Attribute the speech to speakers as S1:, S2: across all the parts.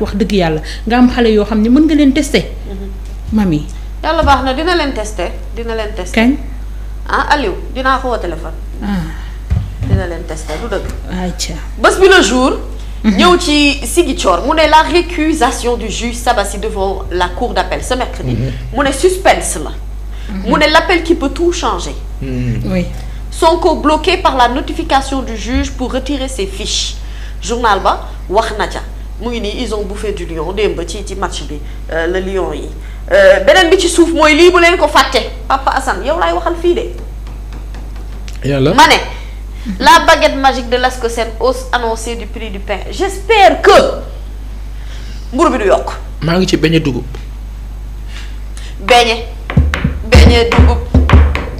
S1: wax dëgg yàlla nga am xale yoo xam ne mën nga leen tester. Mhm. mami. yàlla baax na dina leen
S2: tester dina leen tester. kañ ah Aliou dinaa ko woo téléphone. Ah. dina leen teste du dëgg. ayca bés bi le jour. Mhm. ñëw ci Ziguinchor mu ne la récusation du juge Sabassi devant la cour d'appel ce mercredi. Mhm. mu ne suspense la. mu ne l'appel qui peut tout changer. oui. Sonko bloqué par la notification du juge pour retirer ses fiches journal ba wax na ca. mu ngi nii ils ont bouffé du lion démb ci ci match bi euh, le lion yi euh, beneen bi ci suuf mooy lii bu leen ko fàtte papa Assane yow lay waxal fii de. yàlla ma ne. la bagget magique de que l'ASCOSEN hausse annoncée du prix du pain j'espère que mburu bi du yokk.
S3: maa ngi ci beñe dugub.
S2: beñe beñe dugub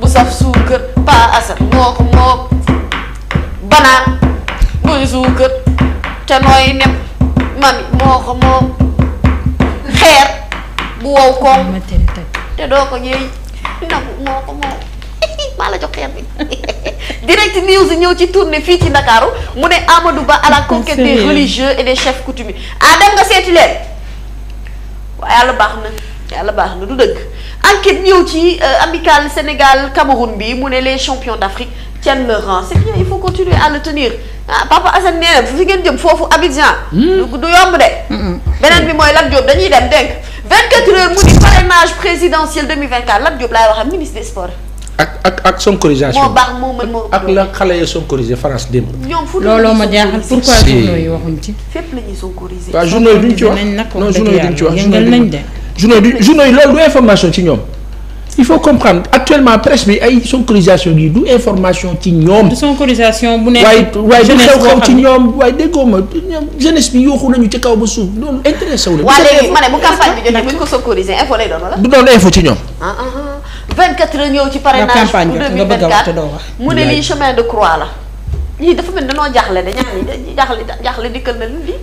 S2: bu saf suukar pa Assane moo ko moo banaan muy suukar te nooy nepp. mami moo ko moom xeer bu wow ko te doo ko yëy nagu moo ko moom maa la jox xeer bi direct news ñëw ci tournée fii ci Ndakaaru mu ne Amadou Ba à la conquête des religieux et des chefs coutumiers ah dem nga seeti leen waaye yàlla baax na yàlla baax na du dëgg enquête ñëw ci euh, amical Sénégal Cameroun bi mu ne les champions d'Afrique tiennent leur rang c'est bien il faut continuer à le tenir ah papa Assane nee fi ngeen jëm foofu Abidjan. Hmm? du yomb de. Hmm, hmm. beneen bi mooy Lat Diop dañuy dem dénk 24 heures mu di parrainage présidentiel 2024 Lat Diop laay wax ak ministre des sports.
S3: ak ak ak sonkorisation moo baax
S2: moo mën moo ak la
S3: xale ya sonkorisé France démb.
S2: ñoom fu looloo ma jaaxal pourquoi journaux yi waxuñ ci. fépp la ñuy sonkorisé. waaw journaux yi duñ ci wax non journaux yi duñ ci wax.
S3: yëngal yi loolu du information ñoom. il faut comprendre actuellement presse bi ay sonkorisation yi du information ci ñoom. sonkorisation bu nekk waaye du xew-xew ci ñoom waaye déggoo ma jeunesse bi yooxu nañu ci kaw ba suuf loolu intéressé wu la. waaw léegi ma ne bu
S2: campagne bi jotee ko sonkorisé info lay doon wala. du doon info ci ñoom. Ah, ah, ah. mu ne lii chemin de croix la. lii dafa mel ni dañoo jaaxle de ñaari jaaxle jaaxle dikkal na lii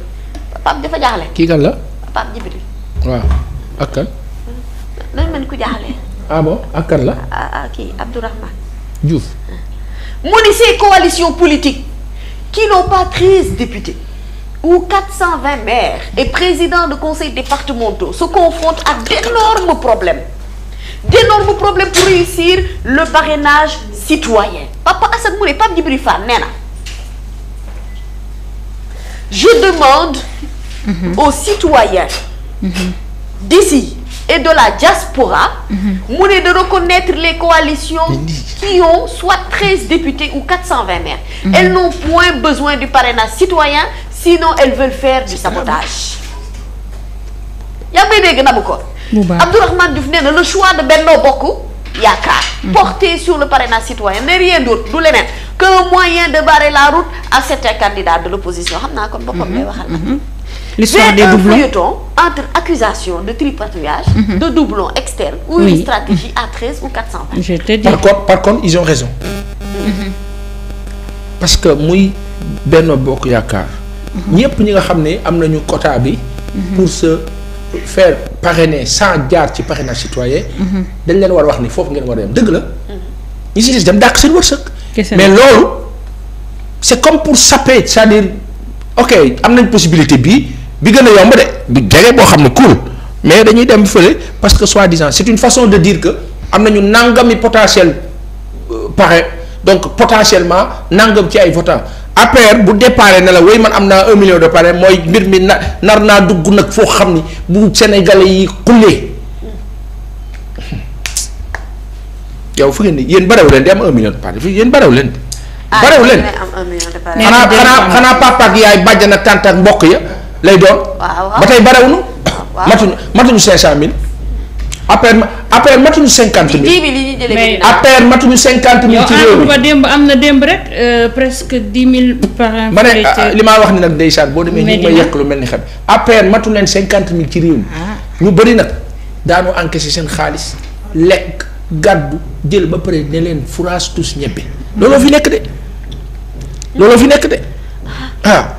S2: Pape dafa jaaxle. kii kan la. Pape Djibril.
S3: waaw ak kan.
S2: dañu mel ni ku jaaxle. ah bon ak kan la. ah, ah, ah, ah. qui n'ont pas treize députés ou cent vingt maires et présidents de conseils départementaux se confrontent à d'énormes problèmes d'énormes problèmes pour réussir le parrainage citoyen Papa Assane mu ne Pape Djibril Fall je demande mhm. aux citoyens mhm. d'ici et de la diaspora mhm. mu ne de reconnaître les coalitions qui ont soit 13 députés ou 420 maires mhm. elles n'ont point besoin du parrainage citoyen sinon elles veulent faire du sabotage yaa ngi may dégg nabu ko Abdourahmane Diouf nee na le choix de Benno Bokk Yaakaar mhm. porté sur le parrainage citoyen mais rien d'autre du leneen qu'un moyen de barrer la route à certains candidats de l'opposition xam naa kon boppam lay waxal
S1: l'histoire des doublons
S2: feuilleton entre accusation de tripatouillage mm -hmm. de doublons externes ou oui. une stratégie à 13 ou 400 pages.
S3: je par contre ils ont raison.
S2: Mhm.
S3: parce que muy Benno Bokk Yaakaar. Mhm. ñëpp ñi nga xam ne am nañu quota bi. Mhm. pour se faire parrainer sans jaar ci na citoyen. dañ leen war a wax ni foofu ngeen war a yem dëgg la. ñi si des dàq seen wërsëg. mais loolu. c'est comme pour saper cest dire ok am nañ possibilité bii bi gën a yomb de bu jege boo xam ne cool mais dañuy dem fële parce que soi-disant c'est une façon de dire que am nañu nangami potentiel euh, pare donc potentiellement nangam ci ay votants APR bu déparé na la man am naa un million de parrain mooy mbir mi na nar naa dugg nag foo xam ni bu Sénégalais yi xullee yow fu ngeen ni yéen barew leen di am un million de parrain yéen barew leen
S2: ah, barew leen xanaa xanaa xanaa papa
S3: ak yaay bàjjan ak tànt mbokk ya lay doon. ba tey barewuñu. waaw matuñu matuñu 500000. APR APR matuñu 50000. ji
S1: bi li ñu jëlee APR
S3: matuñu 50000. ci réew mi
S1: yow démb am démb rek euh, presque 10000 par ma ne ah, li maa wax
S3: ni nag ndeysaan boo demee ñu ngi may yekk lu mel ni xam APR matu leen 50000 ci réew mi. Ah. ñu bëri nag daanu encaissé seen xaalis lekk gàddu jël ba pare ne leen fourage tous ñebe. looloo fi nekk de. looloo fi nekk de ah.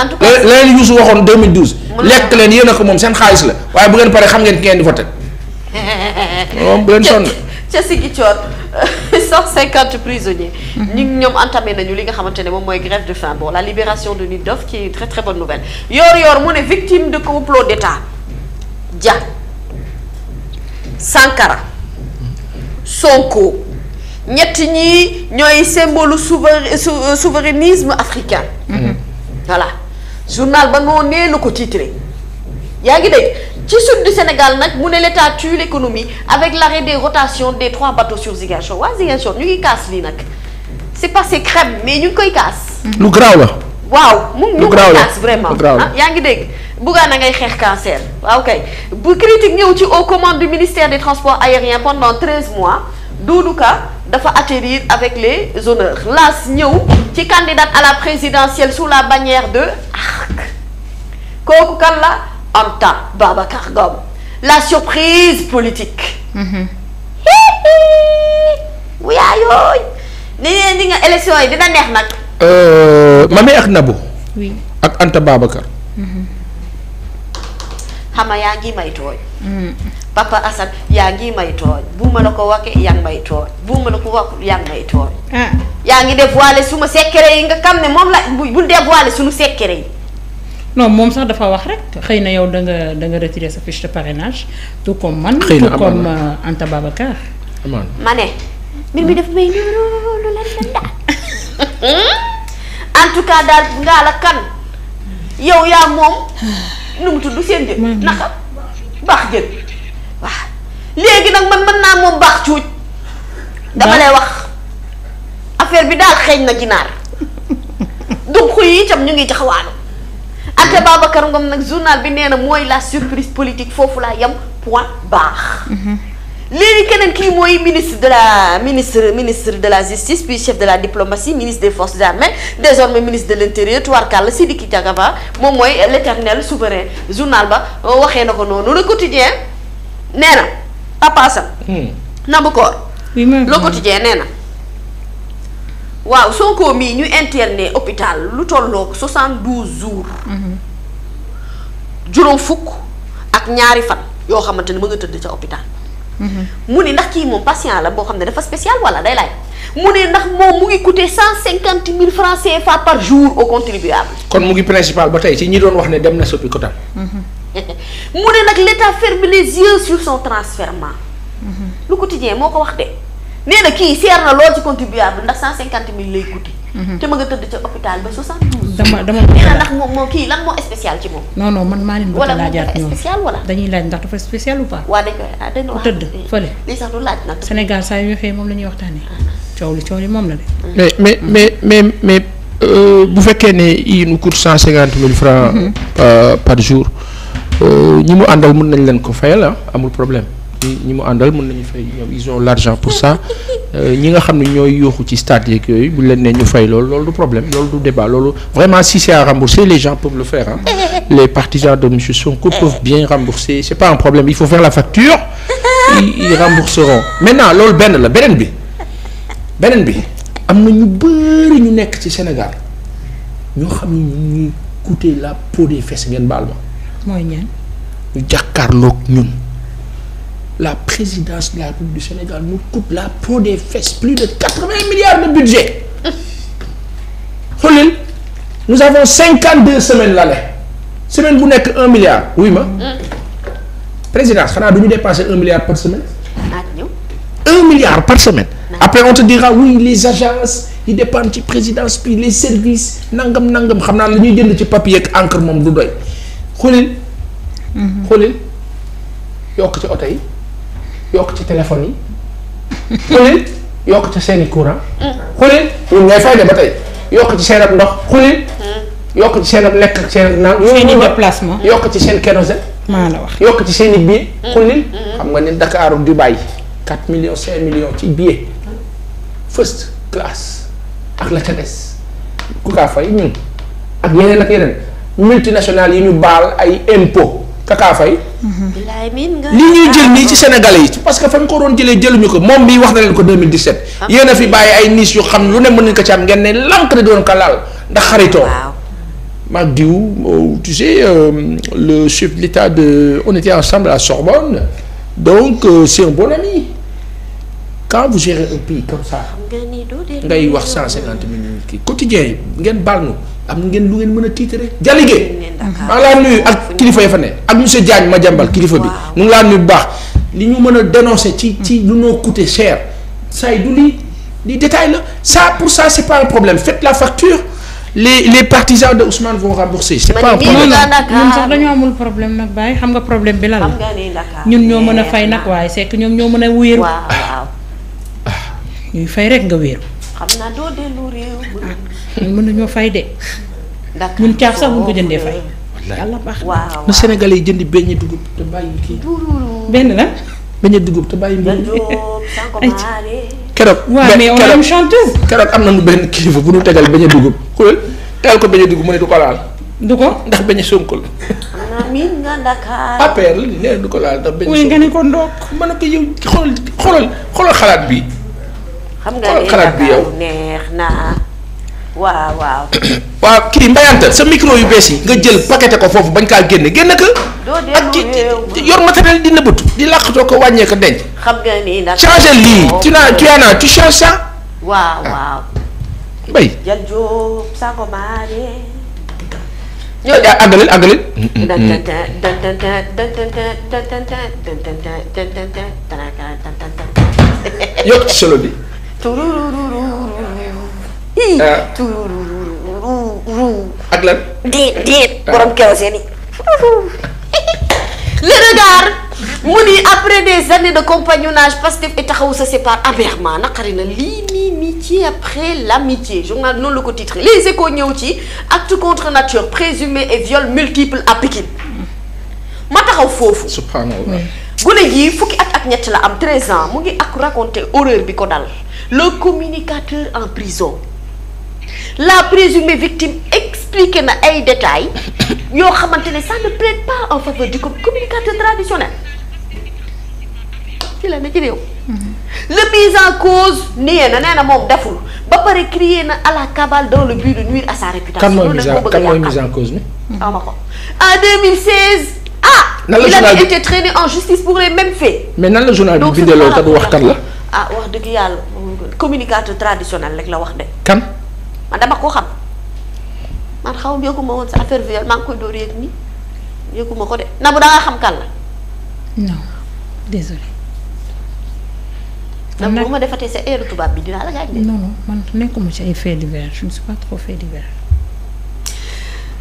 S3: en tout cas euh, leneen Youssou waxoon 2012. lekk leen yéen a ko moom seen xaalis la waaye bu ngeen paree xam ngeen ki ngeen di voté.
S2: moom bu leen sonn. ca Ziguinchor 150 prisonniers. Hmm. ñu ñoom entamé nañu li nga xamante ne moom mooy grève de faim bon la libération de Nidof qui est une très très bonne nouvelle yor-yor mu ne victime de complot d'État Dia Sankara Sonko ñett ñi ñooy symbole souverainisme africain. Hmm. voilà. journal ba noo nee la ko titré yaa ngi dégg ci sud du Sénégal nag mu ne l'état tue l'économie avec l'arrêt des rotations des trois bateaux sur Ziguinchor waa Ziguinchor ñu ngi kaas lii nag c'est passé crème mais ñu ngi koy kaas. lu garaaw la. waaw mu ñu ngi koy kaas vraiment ah, yaa ngi dégg. Bougane a ngay xeex cancer waaw kay bu critique ñëw ci aux commandes du ministère des transports aériens pendant treize mois. Doudou Ka dafa atterrir avec les honneurs laas ñëw ci candidate à la présidentielle sous la bannière de ARC kooku kan la Anta Babacar Ngom la surprise politique. Mhm. wuyaa yooyu ni ngeen di nga élection yi dina neex nag.
S3: Euh, Mamy ak Nabou. oui ak Anta Babacar.
S2: Mhm. xam yaa ngi may tooy. Mm. papa Assane yaa ngi may tooñ bu ma la ko waxee yaa ngi may tooñ bu ma la ko wax yaa ngi may tooñ. Ah. yaa ngi dévoilé suma secret yi nga xam ne moom la bu bu dévoilé suñu secret yi.
S1: non moom sax dafa wax rek xëy na yow danga nga da nga retiré sa fiche de parrainage tout comme man. xëy na tout comme euh, Anta Babacar.
S2: amoon ma ne. mbir mi dafa may niróolu lan lan daal. en tout cas daal ngaa la kan yow yaa moom nu mu seen jën. naka baax jën. waaw léegi nag man man naa moom baax cuuj dama lay wax affaire bi daal xeeñ na ginaar duq yi tam ñu ngi jaxawaanu ate Babacar Ngom nag journal bi nee na mooy la surprise politique foofu laa yam point baax mhm. léegi keneen kii mooy ministre de la ministre ministre de la justice puis chef de la diplomatie ministre des forces armées désormais ministre de l'intérieur tubaarkàlla Sidiki Diakaba moom mooy l'éternel souverain journal ba waxee na ko noonu le quotidien nee na papa Assane. Hmm. Nabukoor. oui le quotidien nee na. waaw Sonko mii ñu interné hôpital lu tolloog 72 jours. Mhm. juróom fukk ak ñaari fan yoo xamante ne ma nga tëdd ca hôpital. Mhm. mu ne ndax kii moom patient la boo xam ne dafa spécial wala day laaj. mu ne ndax moom mu ngi coûter cent cinquante mille francs CFA par jour au contribuable.
S3: kon mu ngi principal ba tey ci ñi doon wax ne dem na soppi ko
S2: mu ne nag l'État ferme les yeux sur son transfèrement mhm. lu quotidien moo ko wax de nee kii seer na lool ci contribuable ndax cent cinquante mille lay coûté mhm. te ma nga tëdd ca hôpital ba soixante-douze dama dama nee na kii lan moo spécial ci moom
S1: non man maa leen bëgg a laajaat ñoom spécial dañuy laaj ndax dafa spécial ou pas waaw dañ koy ah dañ tëdd eh, fële Sénégal saa yu ñu moom la ñuy waxtaanee ah. coow li coow li moom la de mm. Mm. mais mais
S3: mais mais euh, bu fekkee ne yii nu coûte cent cinquante mille francs mm-hmm. euh, par jour Euh, ñi mu àndal mën nañ leen ko fayal ah amul problème ñi ñi mu àndal mën nañu fay ñoom ils ont l'argent pour ça euh, ñi nga xam ne ñooy yooxu ci stade yeeg yooyu bu leen nee ñu fay loolu loolu du problème loolu du débat loolu vraiment si c'est à rembourser les gens peuvent le faire les partisans de monsieur Sonko peuvent bien rembourser c'est pas un problème il faut faire la facture ils rembourseront maintenant loolu benn la beneen bi beneen bi am na ñu bëri ñu nekk ci Sénégal ñoo xam ne ñu ngi la peau des fesses ngeen baal mooy ñan. ñu jàkkaarloog ñun la présidence de la République du Sénégal nous coupe la peau de fesses plus de quatre-vingts milliards de budget xoolil nous avons cinquante deux semaines l'aller semaine bu nekk un milliard oui ma. Mm. présidence xanaa du ñu dépasser un milliard par semaine. Ah, un milliard par semaine. après on te dira oui les agences yi dépendent ci présidence puis les services nangam nangam xam naa la ñuy jënd ci papier ak encre moom du doy. xulil. Mm-hmm. xulil yokk ci oto yi yokk ci téléphone yi. xulil yokk ci seeni i courant. Mm-hmm. xulil yokk ci seen ab ndox xulil. Mm-hmm. yokk ci seen ab lekk ak seen naan. seen i yokk ci seen kérosène. maa la wax yokk ci seeni i billet. xam nga ne Dakar Dubaï 4 millions 5 millions ci billet first class ak la ca des fay ak yeneen ak yeneen. multinationales yi ñu baal ay impôt kakaa fay.
S2: li ñuy jël nii ci
S3: Sénégalais yi parce que fa ñu ko doon jëlee jëluñu ko moom bi wax na leen ko 2017. am ah. yéen a fi bàyyi ay niis yu xam lu ne mën nañu ko ci am ngeen ne lank di doon ko laal ndax xaritoo. maag diw euh, tu sais euh, le chef de l'État de on ensemble à Sorbonne donc euh, c'est un bon ami quand vous gérez pays comme ça. ngay wax 150 000 kii quotidien yi ngeen baal ñu. am ngeen lu ngeen mën a tiitaree Jalige.
S1: maa ngi laa nuyu ak kilifa
S3: yi fa ne ak monsieur Diagne ma jàmbal kilifa bi. mu ngi laa nuyu baax. li ñu mën a dénoncer ci ci hmm. lu noo coûté cher. saa yi du lii lii détail la ça pour ça c'est pas un problème faites la facture les les partisans de Ousmane vont rembourser. c'est pas un problème ñun sax
S1: dañoo amul problème nag Baye xam nga problème bi lan
S2: la. ñun ñoo mën a fay nag
S1: waaye c'est que ñoom ñoo mën a wéeru. ñuy fay rek nga wéeru. ñun mën nañoo fay de. d'accord ñun caaf sax mun ko jëndee fay.
S2: yàlla baax na
S1: Sénégalais
S3: yi jëndi benn dugub te bàyyi kii. benn la benn dugub te bàyyi mbir mi. keroog waaw mais on est une chanteuse. keroog am nañu benn kilifa bu ñu tegal benn dugub xool tegal ko benn dugub mu ne du ko laal. du ko ndax benn Sonko
S2: la. amiin
S3: du ko laal ndax benn. Sonko nga ne ko ndox mën ko yow xoolal xoolal xoolal xalaat bi.
S2: nga xalaat bi yow neex waaw waaw.
S3: waaw kii mbayante sa micro yu bees yi nga jël paqueté ko foofu bañ kaa génne génne ko.
S2: ak ki
S3: yor matériel di nëbbatu di làqatoo ko wàññee denc.
S2: xam nga ni nag lii. tu naa tu na tu
S3: changes ça.
S2: waaw waaw.
S3: solo bi. nii. Eh.
S2: ak lan. di di eh. borom kérosène yi. le regard mu ni après des années de compagnonnage Pastef et Taxawu se séparent ah, naqari na lii l'amitié après l'amitié journal noonu la ko titré les échos ñëw ci acte contre nature présumé et viol multiple à Pikine ma taxaw foofu subhanallah gune jii fukki at ak ñett la am 13 ans mu ngi ak raconté horreur bi ko dal le communicateur en prison la présumée victime expliqué na ay détails yoo xamante ne ça ne plaide pas en faveur du communicateur traditionnel ci la na ci réew
S1: mm-hmm.
S2: le mise en cause nee na nee na moom deful ba pare crier na à la cabale dans le but de nuire à sa réputation. loolu nag moo bëgg a yàqal
S3: kan mooy mise en cause bi.
S2: xaw ah, ma ko en 2016. ah nan la journal il avait été traîné en justice pour les mêmes faits.
S3: mais nan la journal bi bindee loolu te du wax kan la.
S2: ah wax dëgg yàlla communicateur traditionnel rek la wax de. kan. man dama ko xam man xaw ma yëguma woon sa affaire viol koy door yëg ni yëguma ko de na bu dangaa xam kan la.
S1: non désolé.
S2: man nag bu sa erreur bi dinaa la gaañ de. non
S1: non man nekkuma ci ay faits divers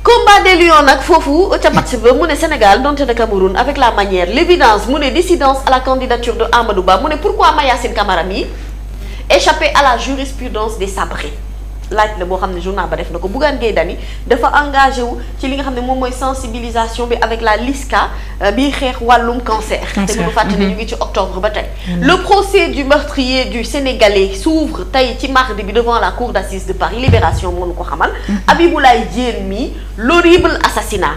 S2: combat des lions nag foofu ca match ba mu ne Sénégal donte na Cameroun avec la manière l'évidence mu ne dissidence à la candidature de Amadou Ba mu ne pourquoi Mayacine Camara mi échappé à la jurisprudence des sabrés. laaj la boo xam ne journal ba def na ko Bougane Gueye Dany dafa engagé wu ci li nga xam ne moom mooy sensibilisation bi avec la LISCA euh, bi xeex wàllum cancer. te bu ñu fàtte ne mm-hmm. ñu ngi ci octobre ba tey. Mm-hmm. le procès du meurtrier du Sénégalais s'ouvre tey ci mardi bi devant la cour d'assises de Paris Libération moo ñu ko xamal. Mm-hmm. Abiboulaye Diène mi l'horrible assassinat.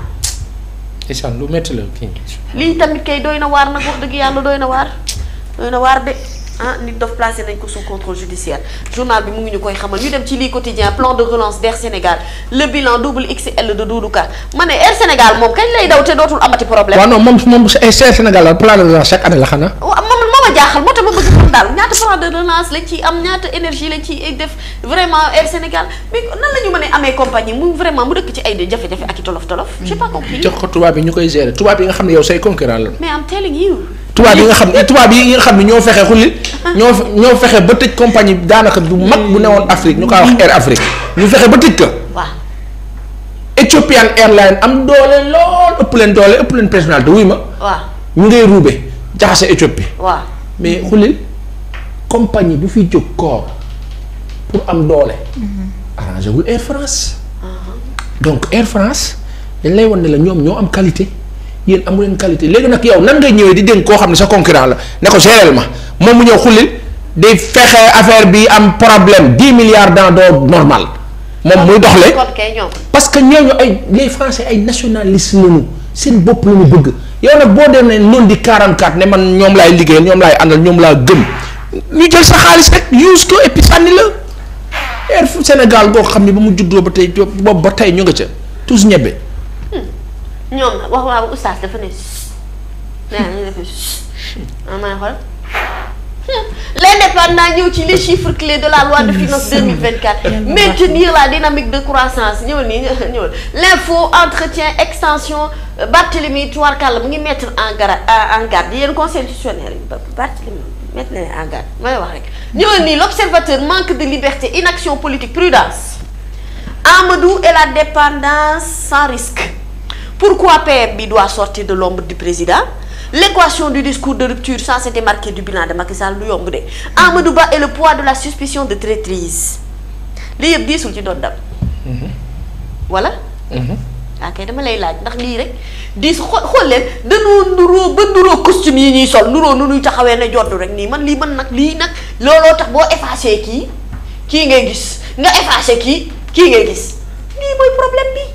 S3: incha lu métti la kii.
S2: lii tamit kay doy na waar nag wax dëgg yàlla doy na waar doy na waar de. ah nit dof placé nañ ko sous contrôle judiciaire journal bi mu ngi ñu koy xamal ñu dem ci lii quotidien plan de relance d'Air Sénégal le bilan double XL de Doudou Ka ma Air Sénégal moom kañ lay daw te dootul amati problème. waaw non
S3: moom moom Air Sénégal la plan de relance chaque année la xanaa.
S2: waaw moom moo jaaxal moo tax ma daal ñaata plan de relance lañ ciy am ñaata énergie lañ ciy def vraiment Air Sénégal mais nan la ñu a amee i tolof tolof. j'ai yi
S3: ñu koy ne yow say tubaab yi nga xam ne tubaab yi nga xam ne ñoo fexe xulli ñoo ñoo fexe ba tëj compagnie daanaka bu mag bu newoon Afrique ñu kaa wax Air Afrique ñu fexe ba tëj ko. waaw Ethiopian Airlines am doole lool ëpp leen doole ëpp leen personnalité wuy ma. waaw ñu ngay ruube jaxase Éthiopie. mais xulli compagnie bu fi jóg koor pour am doole.
S2: Mm-hmm.
S3: arrangé wul Air
S1: France. Uh-huh.
S3: donc Air France dañ lay wan la ñoom ñoo am qualité. yéen amu leen qualité léegi nag yow nan ngay ñëwee di dénk koo xam ne sa concurrent la ne ko géreel ma moom mu ñëw xullil di fexe affaire bi am problème dix milliards dans doo normal moom muy doxle parce que ñooñu ay les français ay nationalistes lañu seen bopp la ñu bëgg yow nag boo demee noonu di 44 ne man ñoom laay liggéeyal ñoom laay àndal ñoom laa gëm ñu jël sa xaalis rek use ko et puis sànni la Air Sénégal boo xam ne ba mu juddoo ba tey boobu ba tey ñu nga ca tous ñebe
S2: ñoom nag wax waaw oustaz dafa ne nee na ñu def ah maa ci les chiffres clés de la loi de finances 2024 maintenir la dynamique de croissance ñëwal nii ñëwal l'info entretien extension euh, Barthélemy Touarkal mu ngi mettre en garde euh, en garde yéen constitutionnel yi Barthélemy mettre na leen en garde ma lay wax rek ñëwal nii l'observateur manque de liberté inaction politique prudence Amadou et la dépendance sans risque pourquoi PM bi doit sortir de l'ombre du président l'équation du discours de rupture ça c'était marqué du bilan de Macky Sall lu yomb de Amadou Ba et le poids de la suspicion de traîtrise lii yëpp diisul ci doon dam mhm. voilà
S1: waa mhm.
S2: kay dama lay laaj ndax lii rek diis xo xool leen dañoo nuroo ba nuroo costume yi ñuy sol nuroo nu ñuy taxawee ne joddu rek nii man lii man nag lii nag looloo tax boo effacé kii kii ngay gis nga effacé kii kii ngay gis lii mooy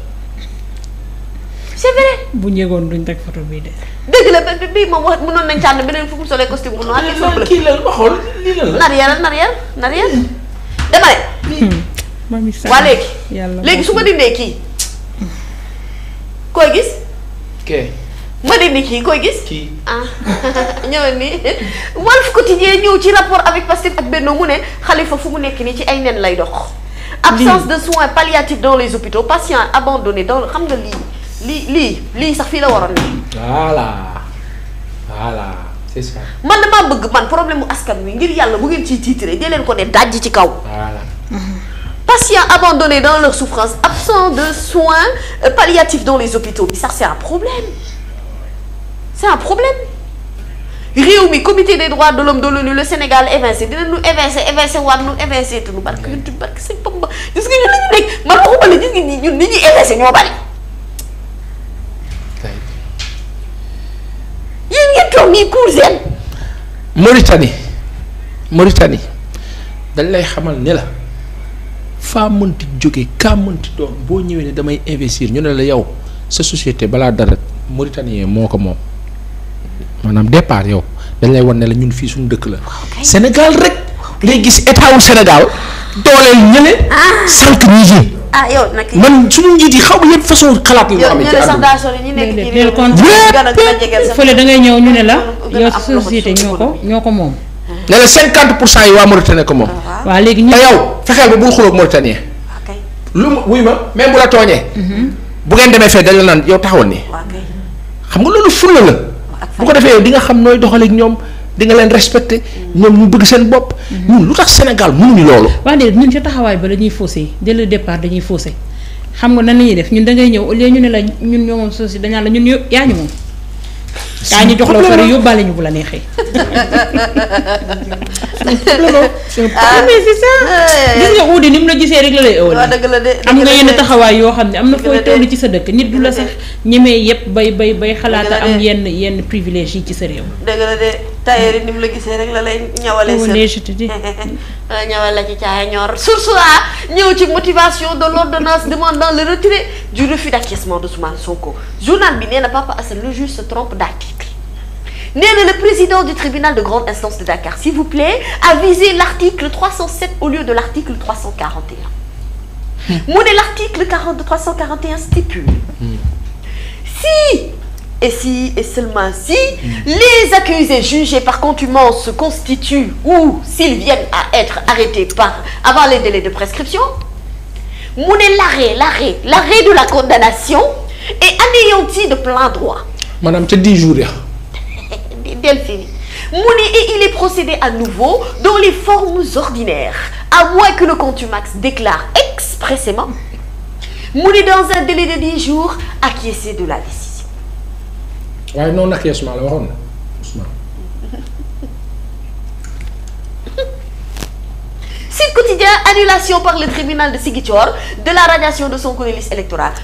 S2: c'est bu ñëwoon duñ teg photo bii de. dëgg la bii moom wax mënoon nañ cànn beneen fu mu solee costume bu noir. Ah, kii la waxoon lii la la. nar yaral nar yaral nar yaral dama ne. Hmm. waa léegi. léegi su ma dindee kii. koy gis. kay. ma dindi kii koy gis. kii ah ñëwal nii Walf Quotidien ñëw ci rapport avec Pastef ak Benno mu ne Khalifa fu mu nekk nii ci ay nen lay dox. absence de soins palliatifs dans les hôpitaux patients abandonnés dans xam nga lii. lii lii lii sax fii la waroon ne.
S3: voilà voilà c'est ça.
S2: man damaa bëgg man problème mu askan wi ngir yàlla bu ngeen ciy tiitre dee leen ko ne dajj ci kaw.
S3: voilà.
S2: patients abandonnés dans leur souffrance absents de soins euh, palliatifs dans les hôpitaux bi sax c'est un problème c'est un problème réew mi comité des droits de l'homme de l'ONU le Sénégal évincé dina nu évincé évincé waat nu évincé te nu barke yontu barke sëñ Bamba gis nga ñun la ñu nekk man waxuma la gis nga ñun nit ñi évincé ñoo bari yéen ngeen toog nii kuur
S3: seen. dañ lay xamal ne la faa mënti jóge kaa mënti doon boo ñëwee ne damay investir ñu ne la yow sa société balaa dara Mauritanien moo ko moom maanaam départ yow dañ lay wan ne la ñun fii suñu dëkk la. Sénégal rek ngay gis état wu Sénégal dooleel ñële ah. sànq ñi
S2: ah yow nag
S1: man suñu njiit yi xaw ma yëpp façon xalaat yi. yoo xam ne da ngay ñëw ñu ne la yow société ñoo ko ñoo ko moom. Ah. ne la cinquante
S3: pour cent yi waa Mauritanie ko moom. Ah. waaw léegi ñu. te yow fexeel ba bul xuloog Mauritanie. lu ma wuy ma même bu la tooñee. Mhm. bu ngeen demee fee dañ la naan yow taxawoon nii. xam nga loolu fulla la. bu ko defee yow di nga xam nooy doxaleeg ñoom di nga leen respecté ñoom ñu bëgg seen bopp. ñun lu tax Sénégal mënuñu loolu.
S1: waaw déedéet ñun ca taxawaay ba la ñuy de dès le départ dañuy faussé xam nga nan la ñuy def ñun da ñëw au lieu ñu ne la ñun ñoo moom société dañaan la ñun ñoo yaa ñu moom. kaa ñu jox la pare yóbbaale ñu bu la neexee. ah mais c'est ça. Ah, gis nga uudi ni mu la gisee rek la lay ëwal. Ah, am nga yenn taxawaay yoo xam ne am na fooy toll ci sa dëkk nit du la sax ñemee yëpp bay bay bay xalaata am yenn yenn privilège yi ci sa réew.
S2: tailleur yi la gisee rek la lay ñawalee sër ci caaya ñor source a de l'ordonnance demandant le retrait du refus d'acquiescement na Papa Assane le juge se d'article nee na le président du tribunal de grande instance de Dakar s'il vous plaît avisez l'article 307 au lieu de l'article 341 hmm. l'article stipule. Hmm. Si et si et seulement si les accusés jugés par contumace constituent ou s'ils viennent à être arrêtés par avant les délais de prescription mu ne l'arrêt l'arrêt l'arrêt de la condamnation est anéanti de plein droit
S3: maanaam ca dix jours ya
S2: delfini et il est procédé à nouveau dans les formes ordinaires à moins que le contumax déclare expressément mu dans un délai de dix acquiescer de la
S3: waaye non acquiescement la waxoon na Ousmane.
S2: Sud Quotidien annulation par le tribunal de Ziguinchor de la radiation de son corps liste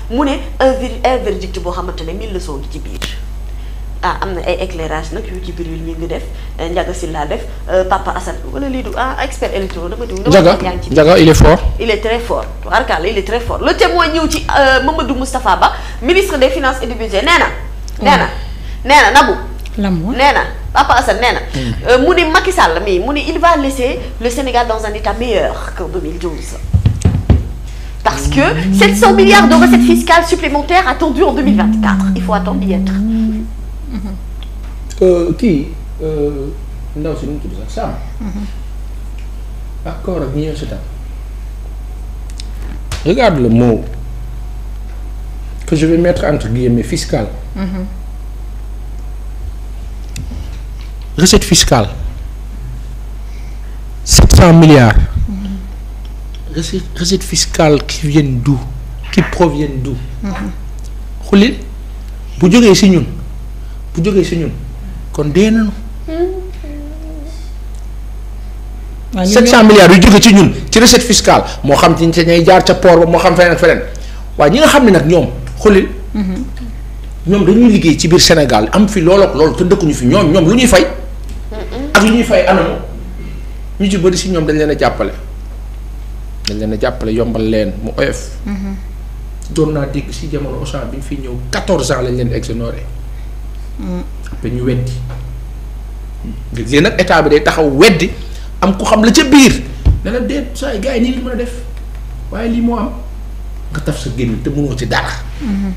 S2: mu ne un vir boo xamante ne mille leçons ngi ci biir ah am na ay éclairage nag yu ci biir yu ngi def eh, Ndiaga Sylla def euh, Papa Assane wala lii du ah expert électoral dama déglu. Ndiaga Ndiaga il est fort. il est très fort tubaarkalla il est très fort le témoin ñëw ci euh, Mamadou Moustapha Ba ministre de finance et du nee na Nabou. Lamou nee na Papa Assane nee na. Mm. Euh, mu ni Macky Sall mii mu ni il va laisser le Sénégal dans un état meilleur qu'en 2012. parce que 700 milliards de recettes fiscales supplémentaires attendues en 2024 il faut attendre d'y être. kii
S3: mm-hmm. euh, euh, ndaw si nu mu tudd sax Sam. Mm-hmm. accord je vais mettre entre guillemets fiscal. Mm -hmm. recette fiscale sept cent milliards recette recette fiscale qui viennent d'où qui proviennent d'où xulil bu jógee si ñun bu jógee si ñun kon dee nañu
S1: sept cent milliards yu jóge ci
S3: ñun ci recette fiscale moo xam ci ñay jaar ca poor ba moo xam feneen ak feneen waaye ñi nga xam ne nag ñoom xulil mhm. ñoom dañuy liggéey ci biir Sénégal am fi looloo loolu te dëkkuñu fi ñoom ñoom lu ñuy fay ak li ñuy fay anam ñu ci bëri si ñoom dañ leen a jàppale dañ leen jàppale yombal leen mu oyof. Mhm. doon naa dégg si jamono Auchan bi ñu fi ñëw quatorze ans lañ leen exonéré. Mhm. après ñu weddi. léegi nag état bi day taxaw weddi am ko xam la ca biir ne la déet saa yi nii li mën a def waaye lii moo am nga taf sa génn te mënoo ci dara. Mhm.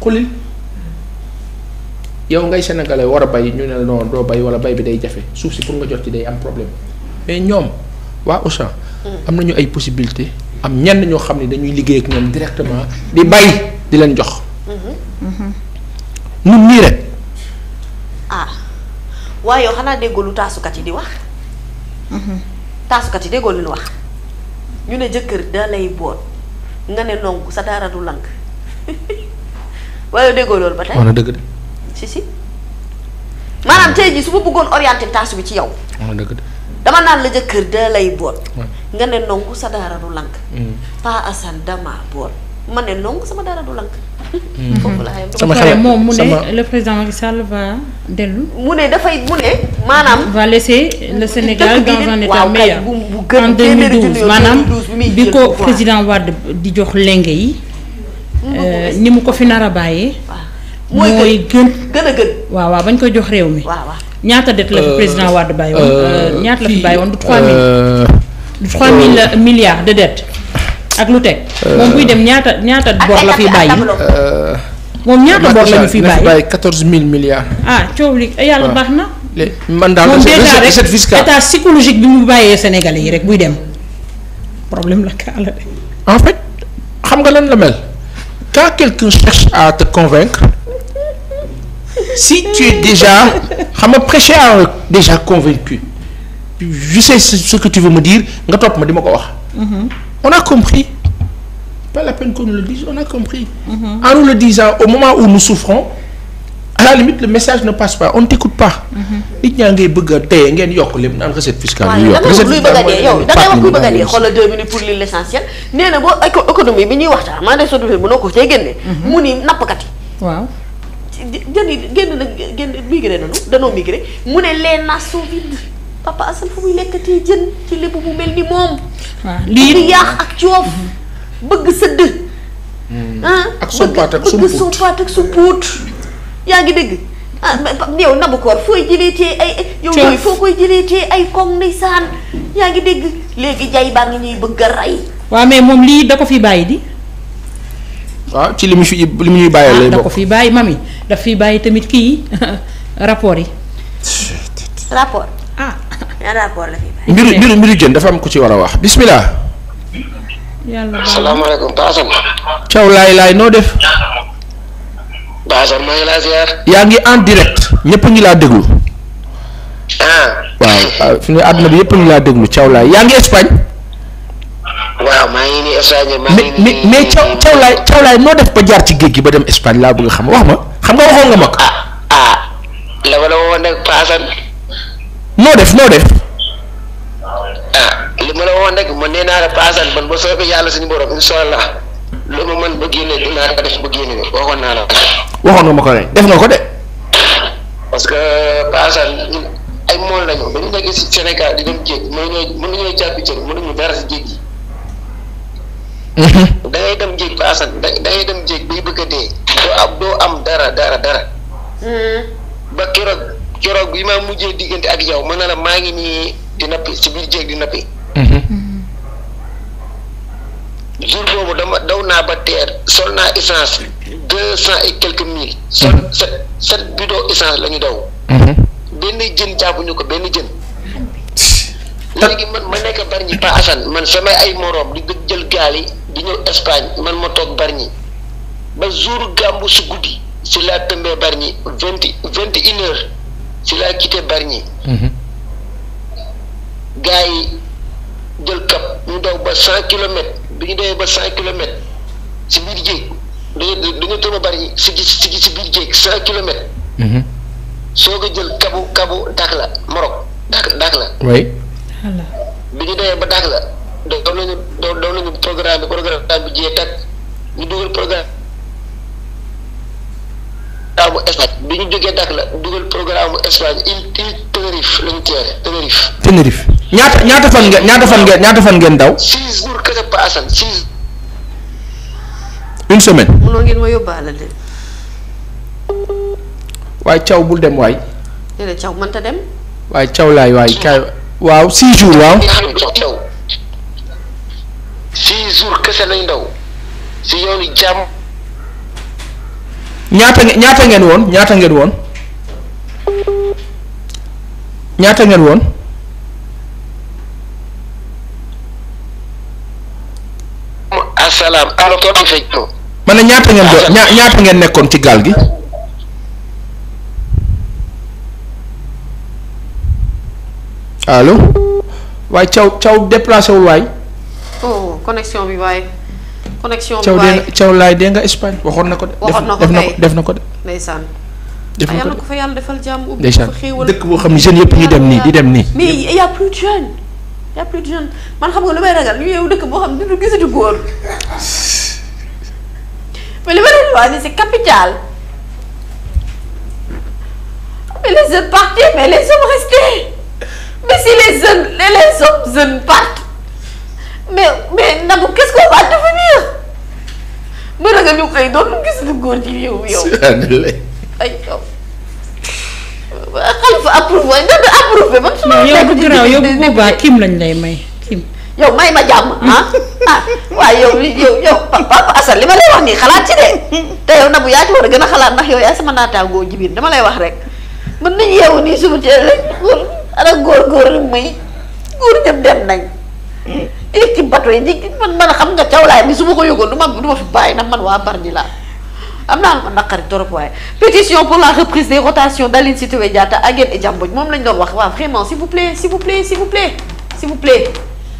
S3: xulil. yow ngay sénégalais war a bay ñu ne non doo bay wala bay bi day jafe suuf si pour nga jot ci day am problème mais ñoom waa Auchan mm. am nañu ay possibilité am ñenn ñoo xam ne dañuy liggéey ak ñoom directement di bay di leen jox.
S2: ñun mm-hmm. mm-hmm. nii rek. Ah. waaye yow xanaa déggoo lu taasukat yi di wax. Mm-hmm. taasukat yi déggoo lu ñu wax ñu ne jëkkër da lay boot nga ne nongu sa dara du lank waaye déggoo loolu ba tey. wax na dëgg de. si si maanaam tey jii su ma bëggoon orienté tâche bi ci yow. dama naan la jëkkër da lay boot nga ne nongu sa daara du lank mm. Pa Assane dama boot ma ne nongu sama daara du lank mm. foofu laa yem sama xel moom mu ne
S1: le président Macky Sall dellu mu ne dafay mu ne maanaam va laisser le Sénégal dans un état meilleur
S2: bu gën maanaam
S1: bi ko président Wade di jox lenge yi euh, ni mu ko fi nar bàyyee mooy gën gën a gën. waaw waaw bañ koy jox réew mi. ñaata det la fi euh, président Wade bàyyi woon. Euh, euh, ñaata la fi bàyyi woon du 3000. du 3000 de dettes ak lu teg. moom buy dem ñaata ñaata bor la fi bàyyi. moom ñaata bor la ñu fi bàyyi bàyyi
S3: 14000 milliards.
S1: ah coow li eh, yàlla baax na.
S3: man daal recette fiscale
S1: état psychologique bi mu bàyyee Sénégalais yi rek buy dem problème la kaa la de. en fait
S3: xam nga lan la mel quand quelqu'un cherche à convaincre. si tu es déjà xam nga prêcher à un déjà convaincu je sais ce que tu veux me dire nga topp ma di ma ko wax. Mm-hmm. on a compris pas la peine qu'on nous le dise on a compris. Mm -hmm. en nous au moment où nous souffrons à la le message ne passe pas on ne t'écoute pas. Mm-hmm. nit ñaa bëgg a dee ngeen yokk lépp naan recette fiscale. yu yokk recette fiscale mooy yow da wax luy bëgg a dee xoolal
S2: deux minutes pour lire l'essentiel nee na boo économie bi ñuy waxtaan maa ngi lay jën yi génn nag génn migré nañu danoo migré mu ne les nas sont vides papa Assane fu muy lekkatee jën ci lépp bu mel ni moom. waaw lii yaax ak coof. bëgg sëdd. Hmm. Ah, ak sompat ak sumpuut bëgg sompat ak sumpuut yaa ngi dégg. ah yow nabukoor fooy jëlee tee ay. yow yooyu foo koy jëlee tee ay koŋ ndeysaan yaa ngi dégg léegi jay baa ngi ñuy bëgg a rey. waaw mais moom lii da ko fi bàyyi di.
S3: waaw ah, ci li mu fi li mu ñuy bàyyee lay bokk ah, da
S1: ko fi bàyyi mami daf fi bàyyi tamit kii rapport yi.
S2: rapport. ah yan
S3: mbiru mbiru mbiru jën dafa am ko ci war a wax bismillah.
S2: yàlla asalaamaaleykum
S4: Paasam.
S3: Thiaw laay noo def.
S4: Paasam maa ngi
S3: yaa ngi en direct ñëpp ngi laa déglu. ah. waaw ah, fi ne àdduna bi yëpp ngi laa déglu Thiaw laay yaa ngi Espagne. waaw maa ngi nii Espagne maa nii mais caw cawlaay cawlaay noo def ba jaar ci géej gi ba dem Espagne laa bëgg a xam wax ma xam nga waxoon nga ma ko. ah ah la ma la waxoon def noo ah, li ma la waxoon rek man nee naa la paasan ba soobee yàlla suñu borom incha allah lu ma ba génne def ba génne naa la. waxoon nga ma ko def nga ko de.
S1: parce que paasan ñun ay mool lañu dañu nekk si Sénégal di dem géej mënuñoo mënuñoo jàpp jën mënuñu dara si géej gi. da dem jéeg ba Assane da dem jéeg bay bëgg a dee doo am doo am dara dara dara. Hmm.
S4: ba keroog keroog bi ma mujjee diggante ak yow mën na la maa ngi nii di nappi ci biir jéeg di nappi. Hmm. Hmm. jour boobu dama daw naa ba teer sol naa essence deux cent et quelques mille. sol set set essence la daw. benn jën jàppuñu ko benn jën. gi man ma nekk bari ñi Pa Assane man samay ay moroom di jël gaal yi. di ñëw Espagne man ma toog Bargny ba jour gàmmu si guddi si laa tëmbee Bargny vingt vingt une heure si laa quitté Bargny mhm. gars yi jël cap ñu daw ba cent kilomètres bi ñu dawee ba cent kilomètres ci biir géej dañu dañu tëmba Bargny si cent kilomètres
S3: mhm. soo ko jël kabu kabu Dakhla Maroc Dak Dakhla bi ñu dawee ba Dakhla
S4: doon nañu doon nañu programme bi programme bi jiyee tag ñu dugal programme mu
S3: bi ñu jógee Dakar la dugal programme mu Espagne il il Tenerife la ñu teere Tenerife. Tenerife ñaata ñaata fan ngeen ñaata fan ngeen daw. six jours
S2: kese pa Assane six. une semaine. mënoo ngeen ma yóbbaale de.
S3: waaye caw bul dem waay.
S2: déedéet caw mënta dem.
S3: waaye caw laay waay kaay waaw six jours waaw.
S2: six jours kese lañ ndaw
S4: si
S3: ñaata ngeen ñaata ngeen woon ñaata ngeen woon ñaata ngeen woon.
S4: asalaam allo.
S3: ma ne ñaata ngeen doon ñaata ngeen nekkoon ci gaal gi. allo. waaye caw caw déplacé wul waay.
S2: oh connexion bi waaye. connexion bi waaye
S3: Thiaw laay dee nga Espagne waxoon na ko de. waxoon na ko tey def
S2: na ko de. ndeysaan. def na ko de yàlla ko fa yàlla defal jàmm. ubbi ko fa xéewal dëkk boo xam ne jeunes yëpp ñuy dem nii di dem nii. mais il y a plus de jeunes. il y a plus de jeunes man xam nga lu may ragal ñu yow dëkk boo xam ne du gisatu góor. mais li ma doon wax ni c'est capital. mais les jeunes partent mais les hommes restent mais si les jeunes les hommes jeunes partent. mais mais Nabou qu'est-ce qu'on va devenir ma ragal ñu koy doon gis lu góor ci yow yow. ay yow Khalifa approuvé nga du ma yow bu
S1: lañ
S2: lay may kim. yow may ma jàmm ah ah waaye yow yow yow papa Assane li ma lay wax nii xalaat ci de te yow Nabou yaa ci war a gën a xalaat ndax yow yaa sama naataangoo jibir dama lay wax rek mën nañ yeewu nii suba teel lañ xool ana góor góor muy góor ñëpp dem nañ. bato yi di man man xam nga cawlaay bi su ma ko yëgoon du ma du ma fi bàyyi nag man waa Bargny laa am naa ma naqari torop waaye pétition pour la reprise des rotations d'Aline Sitoé Diatta Aguet et Diambodj moom lañ doon wax waaw vraiment s'il vous plaît s'il vous plaît s'il vous plaît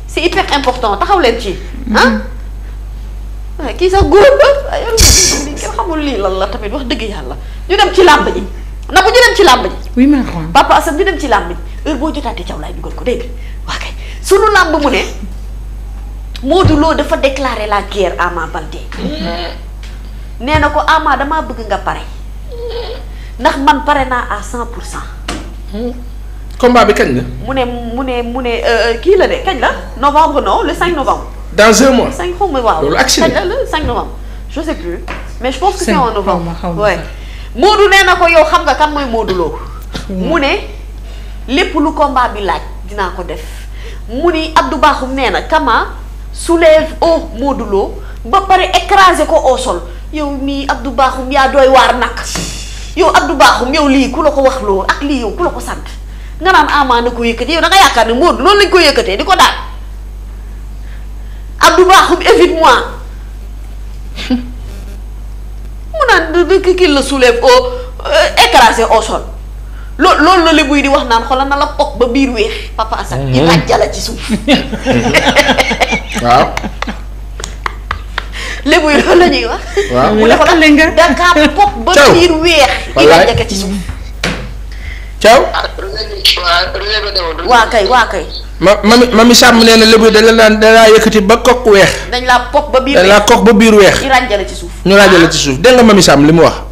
S2: s'il vous important taxaw leen ci ah mm-hmm. kii sax góor la kenn xamul lii lan la tamit wax dëgg yàlla ñu dem ci làmb ji na bu ñu dem ci làmb ji. oui ma papa ci làmb ji heure boo jotaatee caw laay dugal ko dégg nga waa kay mu ne. Modou dafa déclarer la guerre Ama Baldé nee na ko Ama damaa bëgg nga pare ndax man pare naa à cent pour cent. combat bi kañ la. mu ne mu ne mu ne euh, euh, kii la de kañ la novembre non le 5 novembre. dans un mois 5 xaw ma waaw loolu accident la le novembre je sais plus. mais je pense que c'est en novembre ouais Modou na ko yow xam nga kan mooy Modou mu ne lépp lu combat bi laaj dinaa ko def mu ni Abdou Bakhoum nee na Kama. soulève au Modou ba pare écrasé ko au sol yow mii Abdou Bakhoum yaa doy waar nag yow Abdou Bakhoum yow lii ku la ko wax loo ak lii yow ku la ko sant nga naan Ama na ko yëkkatee yow da nga yaakaar ne Modou lool lañ ko yëkkatee di ko daal Abdou Bakhoum évite moi mu naan kii la soulève au euh, écrasé au sol. loo loolu la lébuy di wax naan xoolal na la pok ba biir weex papa Assane. di mhm. ràjjala ci suuf. waaw. lébuy la ñuy wax. waaw mu ne ko nag da ngaa pok ba biir weex. di ràjjaka ci suuf. Thiaw. Ah, waa kay waa kay.
S4: ma
S3: mami mami Samb nee na lébu dañ la naan dañ laa yëkkati ba kok weex.
S2: dañ laa pok ba biir weex dañ laa biir weex. ñu ràjjala ci suuf.
S3: ñu ràjjala ci suuf dégg nga mami Samb li mu wax.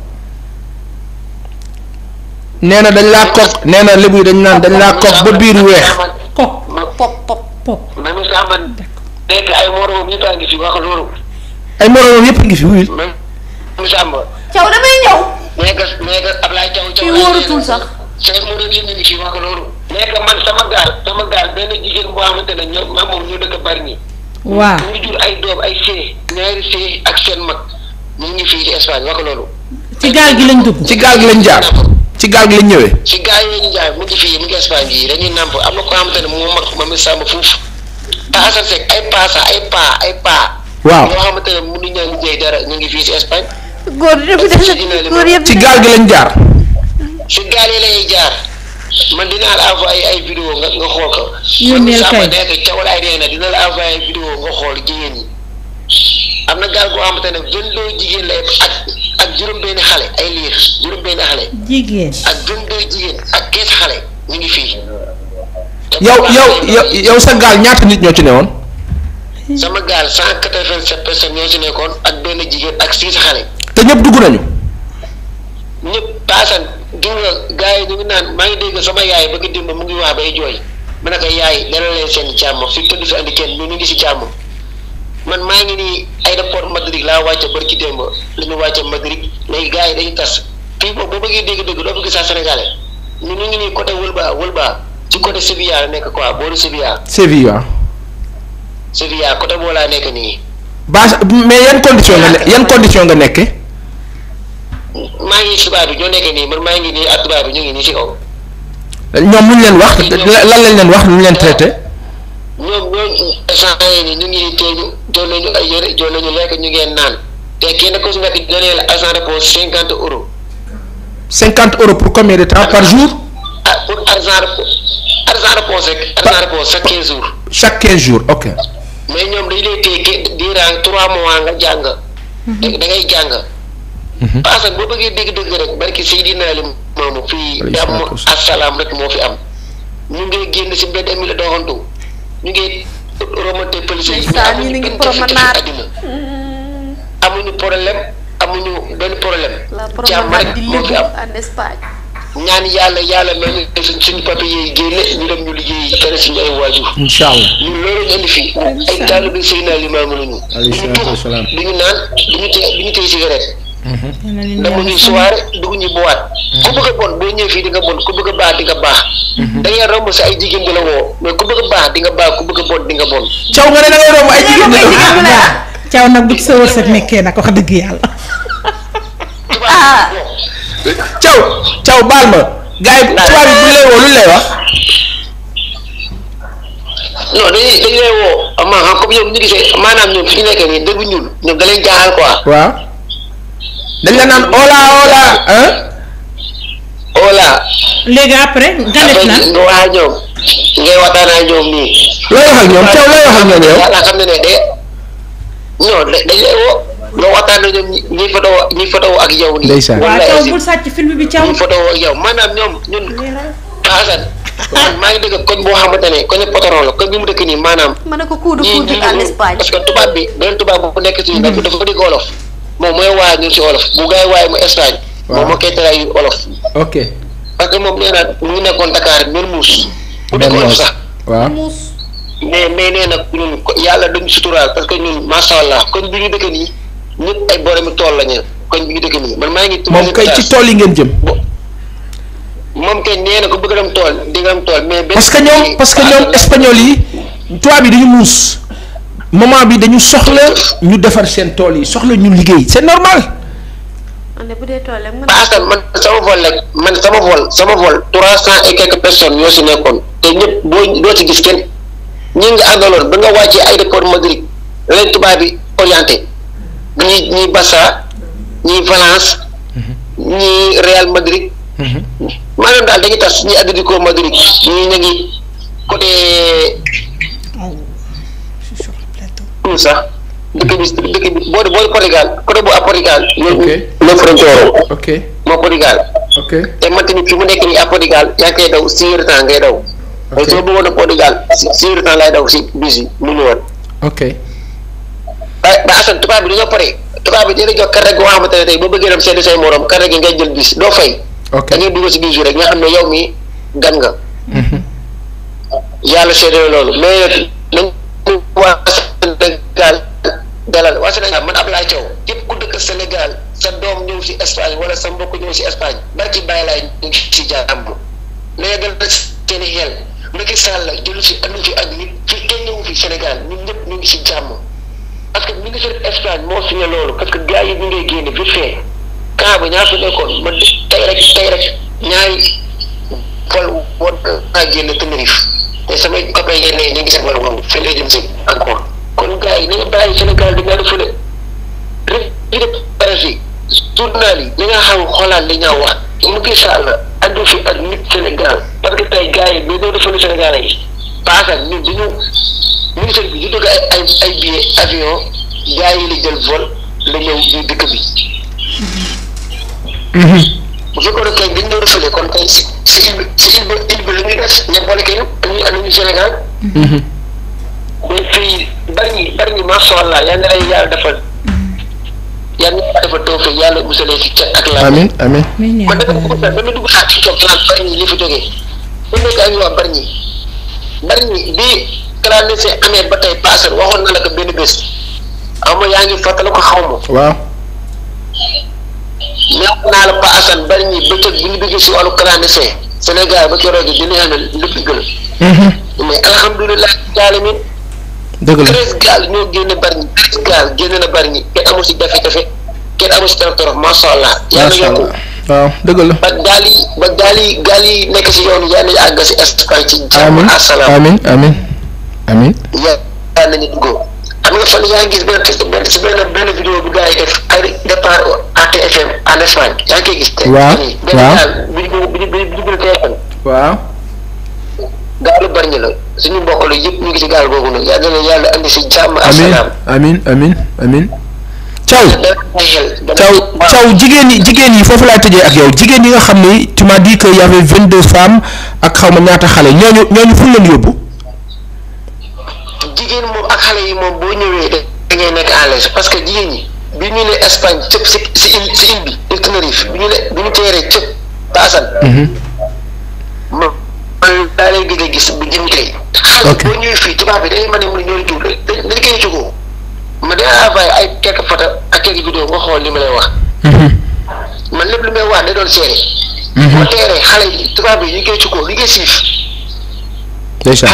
S3: nee na dañ laa kopp nee na lébu yi dañ naan dañ laa kopp ba biir weex.
S2: kopp ma
S4: pop pop pop. même Samba nekk ay moromam yëpp a ngi fi wax loolu. ay moromam
S3: yëpp a ngi fi wuyu.
S4: même Samba. Thiaw damay ñëw. nekk nekk Ablaye Thiaw Thiaw. fii
S2: wóorutul sax. seen morom yëpp ñu nekk man sama gaal sama gaal benn jigéen boo xamante ne ñoom maa moom ñu dëkk bari ñi. waaw ñu jur ay doom ay see. ñaari see ak seen
S3: mag ñu ngi fii ci Espagne wax loolu. ci gaal gi lañ dugg ci gaal gi lañ jaar. ci gaal gi lañ ñëwee. ci gaal yi lañ mu ngi fii mu ngi Espagne
S4: gii am na ko xamante ne moom mag ma mi sàmm fuuf ay paa ay paa ay paa. waaw ñoo xamante ne mënuñ ñaa ngi jëy dara ñu ngi fii si Espagne. góor yëpp
S3: ci gaal gi lañ jaar. si gaal yi lañuy jaar
S1: man dinaa la envoyé ay vidéo nga xool ko. ñu neel
S4: kay man nekk ca wala ay nee na la envoyé ay vidéo nga xool jigéen ñi am na gaal goo xamante ne vingt deux jigéen lay ak. ak juróom-benn xale ay liir juróom-benn xale. jigéen ak juróom-benn jigéen ak kees xale ñu ngi fii. yow yow
S3: yow sa gaal ñaata nit ñoo ci newoon.
S4: sama gaal cent quatre-vingt-sept personnes ñoo ci nekkoon ak benn jigéen ak six xale. te ñëpp dugg nañu. ñëpp paasan gis nga gars yi ñu ngi naan maa ngi dégg sama yaay ba ko dimba mu ngi wax bay jooy mu ne ko yaay dalal leen seen jàmm fi tëdd fi andi kenn ñu ngi si jàmm. man maa ngi nii aéroport Madrid laa wàcce barki démb la ñu wàcce Madrid léegi gars yi dañu tas fii boobu boo bëggee dégg-dégg doo bëgg saa sénégalais ñu ñu ngi nii côté Wëlba Wëlba ci côté Sevilla la nekk quoi booru Sevilla. Sevilla. Sevilla côté boo laa nekk nii.
S3: base mais yan condition nga ne yan condition nga nekkee.
S4: maa ngi tubaab bi ñoo nekkee nii man maa ngi nii ak tubaab bi ñu ngi nii si kaw.
S3: ñoom lu ñu leen wax lan lañ leen wax lu ñu leen traité. ñoom ñooñu instant ñu ngi teeñu jox ñu ay yére jox nañu lekk ñu ngeen naan te kenn ku si nekk dina la agent de poste cinquante euros. cinquante euros pour combien de temps par jour.
S4: Ah, pour agent de agent de poste rek. agent de chaque quinze jours. chaque quinze jour ok. mais ñoom dañu lay téye durant trois mois nga jàng. Mhm. da ngay jàng. Mhm. parce boo bëggee dégg-dégg rek barki Seydina Lim moomu fii. waaleykum salaam damm asalaam rek moo fi am. ñu ngi génn si mbedd mi la doxantu. ñu ngi remonté policiers yi. ñu ngi mm. amuñu problème amuñu benn problème.
S2: jàmm rek moo fi am
S4: ñaan yàlla yàlla mel ni suñu papier yi génne ñu dem ñu liggéey kenn suñu ay waajur. incha allah ñun loolu ñu indi fii. ay taalibe Seydina Limaamu lañu.
S3: alayhi ñu
S4: naan du ñu téye du ñu
S1: Mm-hmm.
S4: demuñu soirée dugguñu boîte mm-hmm. ku bëgg a bon boo ñëwee fii di nga bon ku bëgg a baax di nga baax mm-hmm. da ngay romb si ay jigéen di la woo mais ku bëgg a baax di nga baax ku bëgg a bon di nga bon caw nga ne da caw ah,
S1: ah. nag bu ci sa wërsëg nag wax dëgg yàlla
S4: ah caw caw baal ma gars maanaam ah, comme ñoom ñu gisee nekkee nii dégg ñuul ñoom da leen jaaxal quoi waaw dañ la naan ola ola ah. ola. léegi après. nga lan ñoom. ngay waxtaan ak ñoom nii. looy wax ñoom Thiaw looy wax ak xam ne de non dañ lay woo. nga waxtaan ak ñoom ñi photo ñi yow. ndeysaan waaw Thiaw bul sàcc film bi Thiaw. ñi yow maanaam ñoom ñun. Assane. man maa ngi dëkk koñ boo xamante ne koñ Potoro la koñ bi mu dëkk nii maanaam. ma ne ko coup de coude en Espagne parce que tubaab bi beneen tubaab bu nekk si dafa mm-hmm. dëgg olof. moom mooy waaye ñun si olof bu gaay waaye mu Espagne. moom moo koy traduire olof.
S2: ok parce que moom mu nekkoon Dakar mel muus. bu nekkoon sax waaw. mais mais nee nag ñun yàlla dañu suturaal parce
S4: que ñun macha allah koñ bi ñu dëkk nii ñëpp ay tool la ñu koñ bi ñu dëkk man maa ngi. moom kay ci tool yi ngeen jëm. moom kay nee na ko bëgg dem tool di nga tool mais. parce que ñoom parce que ñoom
S3: espagnol yi tubaab yi dañu muus. moment bi dañu soxla ñu defar seen tool yi soxla ñu liggéey c'est normal.
S2: man de bu dee tool man sama vol rek man
S4: sama vol sama vol trois cent et quelques personnes ñoo si nekkoon te ñëpp boo doo ci gis kenn ñi nga àndaloon ba nga wàccee aéroport Madrid lay tubaab bi orienté ñi ñi Barça ñi Valence mhm. ñi Real Madrid. Mhm. maanaam daal dañuy tas ñi Atlético Madrid ñi ñu ngi côté. Europe sax dëkk bi dëkk bi boo boo Portugal côté bu à Portugal. ok ñoom frontière ok moo Portugal. ok te man tamit fi mu nekk nii à Portugal yaa ngi koy daw six heures temps ngay daw. a Portugal si mu ñëwoon. ok. ba ba tubaab bi dañoo pare tubaab bi dina jox carte goo xamante ne tey boo bëggee dem seeti say morom carte gi ngay jël bis doo fay. ok da si bis rek nga xam ne yow mi gan nga. Mhm. yàlla seetlu loolu mais nag. gaal dalal waa Sénégal man Ablaye Thiaw képp ku dëkk Sénégal sa doom ñëw si Espagne wala sa mbokk ñëw si Espagne barki bàyyi laay ñu ngi si jàmm léegi dal na seen i xel Macky Sall si andu fi ak nit fi kenn ñëw fi Sénégal ñun ñëpp ñu ngi si jàmm Espagne moo signé loolu parce que gars yi ñu ngay génn vite fait cas ba ñaar fi nekkoon ma tey rek tey rek ñaari vol war naa génn Tenerife te samay copain yi ñu ngi seen vol woowu fii si encore kon gars yi na nga bàyyi Sénégal di nga fële revue de presse yi journal yi na nga xam xoolaat li nga wax Macky Sall ànd fi ak nit Sénégal parce que tey gars yi mais doo defalu Sénégal yi paasal ñun duñu bi ñu dugg ay ay ay billet avion yi la jël vol la ñëw ñu dëkk mhm. dañ doon fële kon kay si si il ba il ba la ñuy des ña kay ñu ak Sénégal mhm. bari ñi bari ñi macha allah yal na leen yàlla defal. yal na yàlla defal too fee yàlla musalee si cat ak
S3: laa. amiin amiin.
S4: kon nag ba mu dugg xaar ci toog naan bari ñi li fa jógee. bu nekk ay waa bari bari ñi bii clandestin amee ba tey paasal waxoon na la ko benn bés. xam nga yaa ngi fàttali ko xaw ma.
S3: waaw. neex naa la Pa Assane bari ñi bëccëg
S4: bu ñu bëggee si wàllu a. Mm-hmm. mais dëgg la treize gaal ñoo génn bari ñi gaal génn na bari ñi kenn amul si jafe-jafe kenn amul si torof torof macha allah. macha
S3: ba
S4: gaal gaal yi nekk si yoon yaa nañu àgg si Espagne ci jàmm asalaam
S3: amiin amiin amiin yaa nañu duggoo benn benn benn bu gars yi def
S4: yaa ngi koy gis. waaw bi bi ñu bi ñu gën a waaw. gaalu bari ñi la. suñu mbokk la yëpp ñu ngi si gaal googu nag yàlla na yàlla andi si jàmm. ak salaam
S3: amiin amiin amiin Thiaw Thiaw jigéen yi jigéen yi foofu laay tëjee ak yow jigéen yi nga xam ni tu m'as dit que y ak xaw ma ñaata xale ñooñu ñooñu fu ñu yóbbu. jigéen moom ak xale yi moom boo ñëwee da nekk à parce que jigéen ñi bi ñu ne Espagne cëpp si si île si île
S4: bi Tenerife bi ñu ne bi ñu teeree cëpp ba daa lay gëj a gis bu jëm tey. xaalis boo fii tubaab bi dañuy mën a mën a ñëw jiw dañ koy jógoo ma dinaa envoyé ay quelques photos ak quelques vidéos nga xool li ma lay wax. Mhm. man lépp lu wax da doon seere. Mhm. boo teeree xale yi tubaab bi ñu koy jógoo siif. xale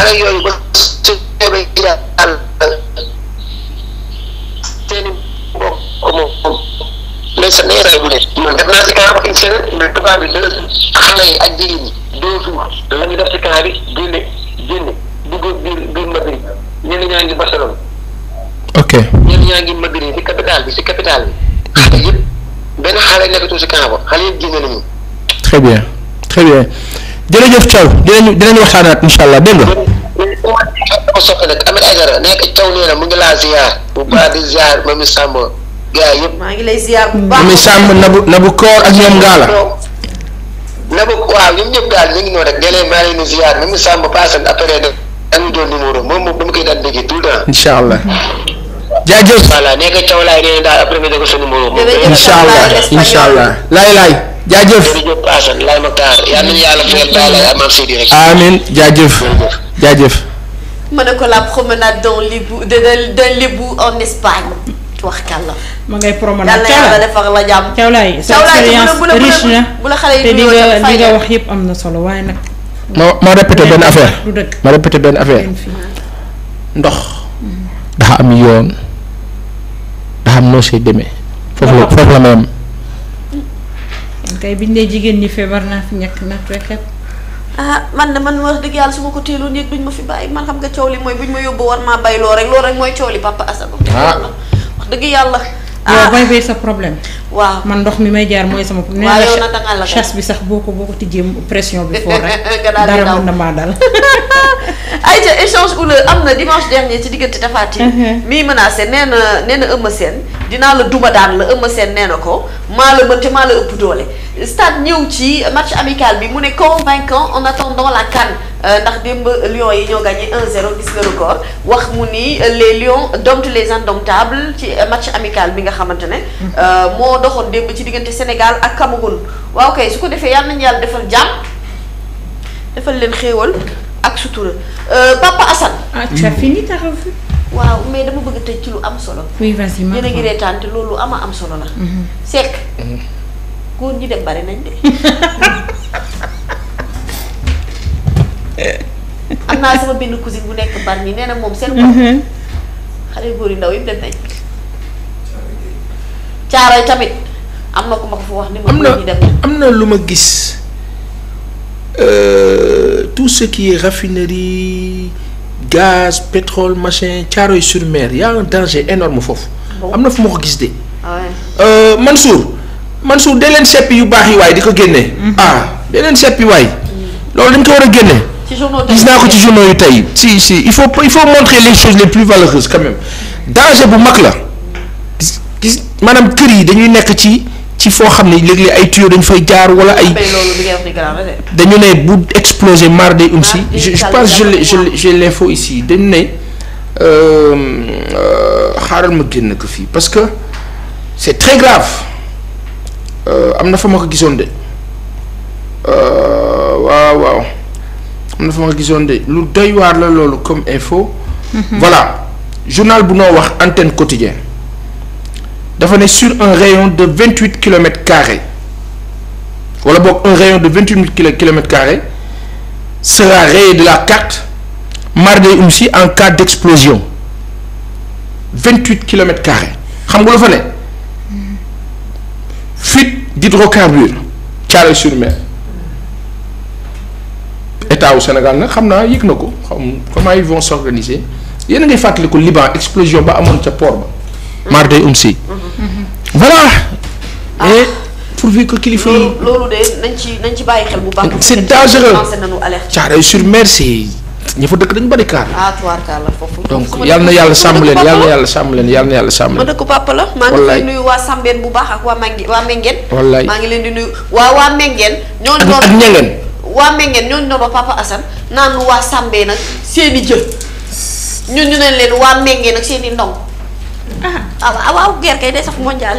S4: sa neeraay bu ne def naa si kàlla wax une semaine mais tubaab bi xale yi ak jigéen deux jours la def ci camp bi génne génne dugg biir biir Madrid ñenn ñaa ngi Barcelone.
S3: ok ñenn ñaa bi ci capital bi. xale yëpp benn xale nekkatul ci camp ba xale yëpp génne nañu. très bien
S4: na mu ngi laa ziar. bu baax di
S2: ngi lay ziar bu baax Mamy Samb Nabu Koor ak ñoom Ngala. na ko
S4: waaw ñoom ñëpp daal mi ngi noonu rek déedéet maa ngi leen di ziar même Samba paase ak après de ak ñu doon numéro moom
S3: moom dama koy daan déggee tout le temps. incha allah.
S4: jaajëf voilà nee nga Thiaw laay nee daal après nga déggoo sa numéro. dëgg allah incha allah laay laay. jaajëf
S3: jërëjëf jaajëf jaajëf.
S2: ma ne ko la promenade dans Libou de de Libou en Espagne. wax kàlla. ma ngay
S1: promenade Thiawla defar la jàmm. Thiawlaay sa expérience riche na te di nga wax yépp am na solo waaye nag.
S3: ma ma répété benn affaire ma répété benn affaire ndox daxa am yoon daxa am noo see demee. foofu la foofu la ma yem.
S2: kay ne jigéen ñi feebar naa na rek. ah man de man wax dëgg yàlla su ma ko teeloon yëg duñ ma fi bàyyi man xam nga coow li mooy buñ ma yóbbu war maa bay loo rek loolu rek mooy coow li papa Assane. ah dëgg yàlla. ah yow bay
S1: bay sa problème. waaw man ndox mi may jaar mooy sama. waaw yow la chasse bi sax boo ko boo ko tijjee
S2: pression bi. foo rek dara mën na maa dal. ayca échange couleur am na dimanche dernier ci diggante Tapha Tine. Mhm. nee na nee na Eumeu Sène dinaa la duma daan la Eumeu Sène nee na ko maa la mën te maa la ëpp doole. stade ñëw ci match amical bi mu ne convaincant en attendant la CAN euh, ndax démb Lions yi ñoo gagné 1-0 gis nga record wax mu ni les Lions domptent les indomptables ci match amical bi nga xamante mhm. euh, doxoon démb ci diggante Sénégal ak Cameroun waaw kay su ko defee yal nañu yàlla defal jàmm defal leen xéewal ak sutura euh, Papa Assane. ah tu as fini ta waaw mais dama bëgg a tëj ci lu am solo.
S1: oui vas-y ma yéen
S2: loolu ama am solo la. Mhm. Seck. Mhm. góor ñi dem bari nañ de. am naa sama benn cousine bu nekk bar ñi nee na moom seen bopp. Mhm. xale góor yu ndaw yi dem nañ. caaray tamit am na ku ma ko wax. ni ma ñu dem am na lu ma gis
S3: euh, tout ce qui est raffinerie gaz pétrole machin caaroy sur mer y a un danger énorme foofu. am na fu ma ko gis de. Ah euh, Mansour Mansour dee leen seppi yu baax yi waaye di ko génne. Mhm. ah dee leen seppi waay. Mhm. loolu dañ ko war a génne.
S2: gis naa ko ci journaux yu
S3: tey si si il faut il faut montrer les choses les plus valeureuses quand même danger bu mag la. maanaam kër yi dañuy nekk ci ci foo xam ne léeg-léeg ay tuyaux dañu fay jaar wala ay. dañu ne bu exploser marre day um si. je je pense je l' je j'ai l'info ici dañu ne euh, euh, xaaral ma génn ko fii parce que c' est très grave euh, am na fa ma ko gisoon de waaw waaw am na fa ma ko gisoon de lu doy waar la loolu comme info. Mhm. voilà journal bu noo wax antenne quotidien dafa ne sur un rayon de vingt huit kilomètres carrés wala boog un rayon de vingt huit mille kilomètres carrés sera rayé de la carte Mardey Oumsi en cas d' explosion vingt huit kilomètres carré xam nga lu ne fuite d' hydrocarbures Thiaroye sur mer état wu Sénégal nag xam naa yëg na ko xam comment ils vont s' organiser yéen a ngay fàttaliku Liban explosion ba amoon ca port ba. Marday Umsi. voilà. Ah. et pourvu que kilifa yi.
S2: loolu de nañ ci nañ ci bàyyi xel bu baax. c'est dangereux Caaroy sur
S3: Mer si ña fa dëkk dañu bari kaar.
S2: ah tubaarkaar la foofu.
S3: donc yal na yàlla sàmm leen yal yàlla sàmm leen yal yàlla sàmm leen. ma
S2: dëkk papa la maa ngi lay nuyu waa Sambeen bu baax ak waa Mangi waa Mengen. wallaay ngi leen di waa waa Mengen. ñooñu doon ak ak Ñengen. waa Mengen ñooñu doon ba papa Assane naan waa Sambeen nag seen i jëf ñu ne leen waa Mengen nag seen ndaw ah waaw waaw gerte day sax mondial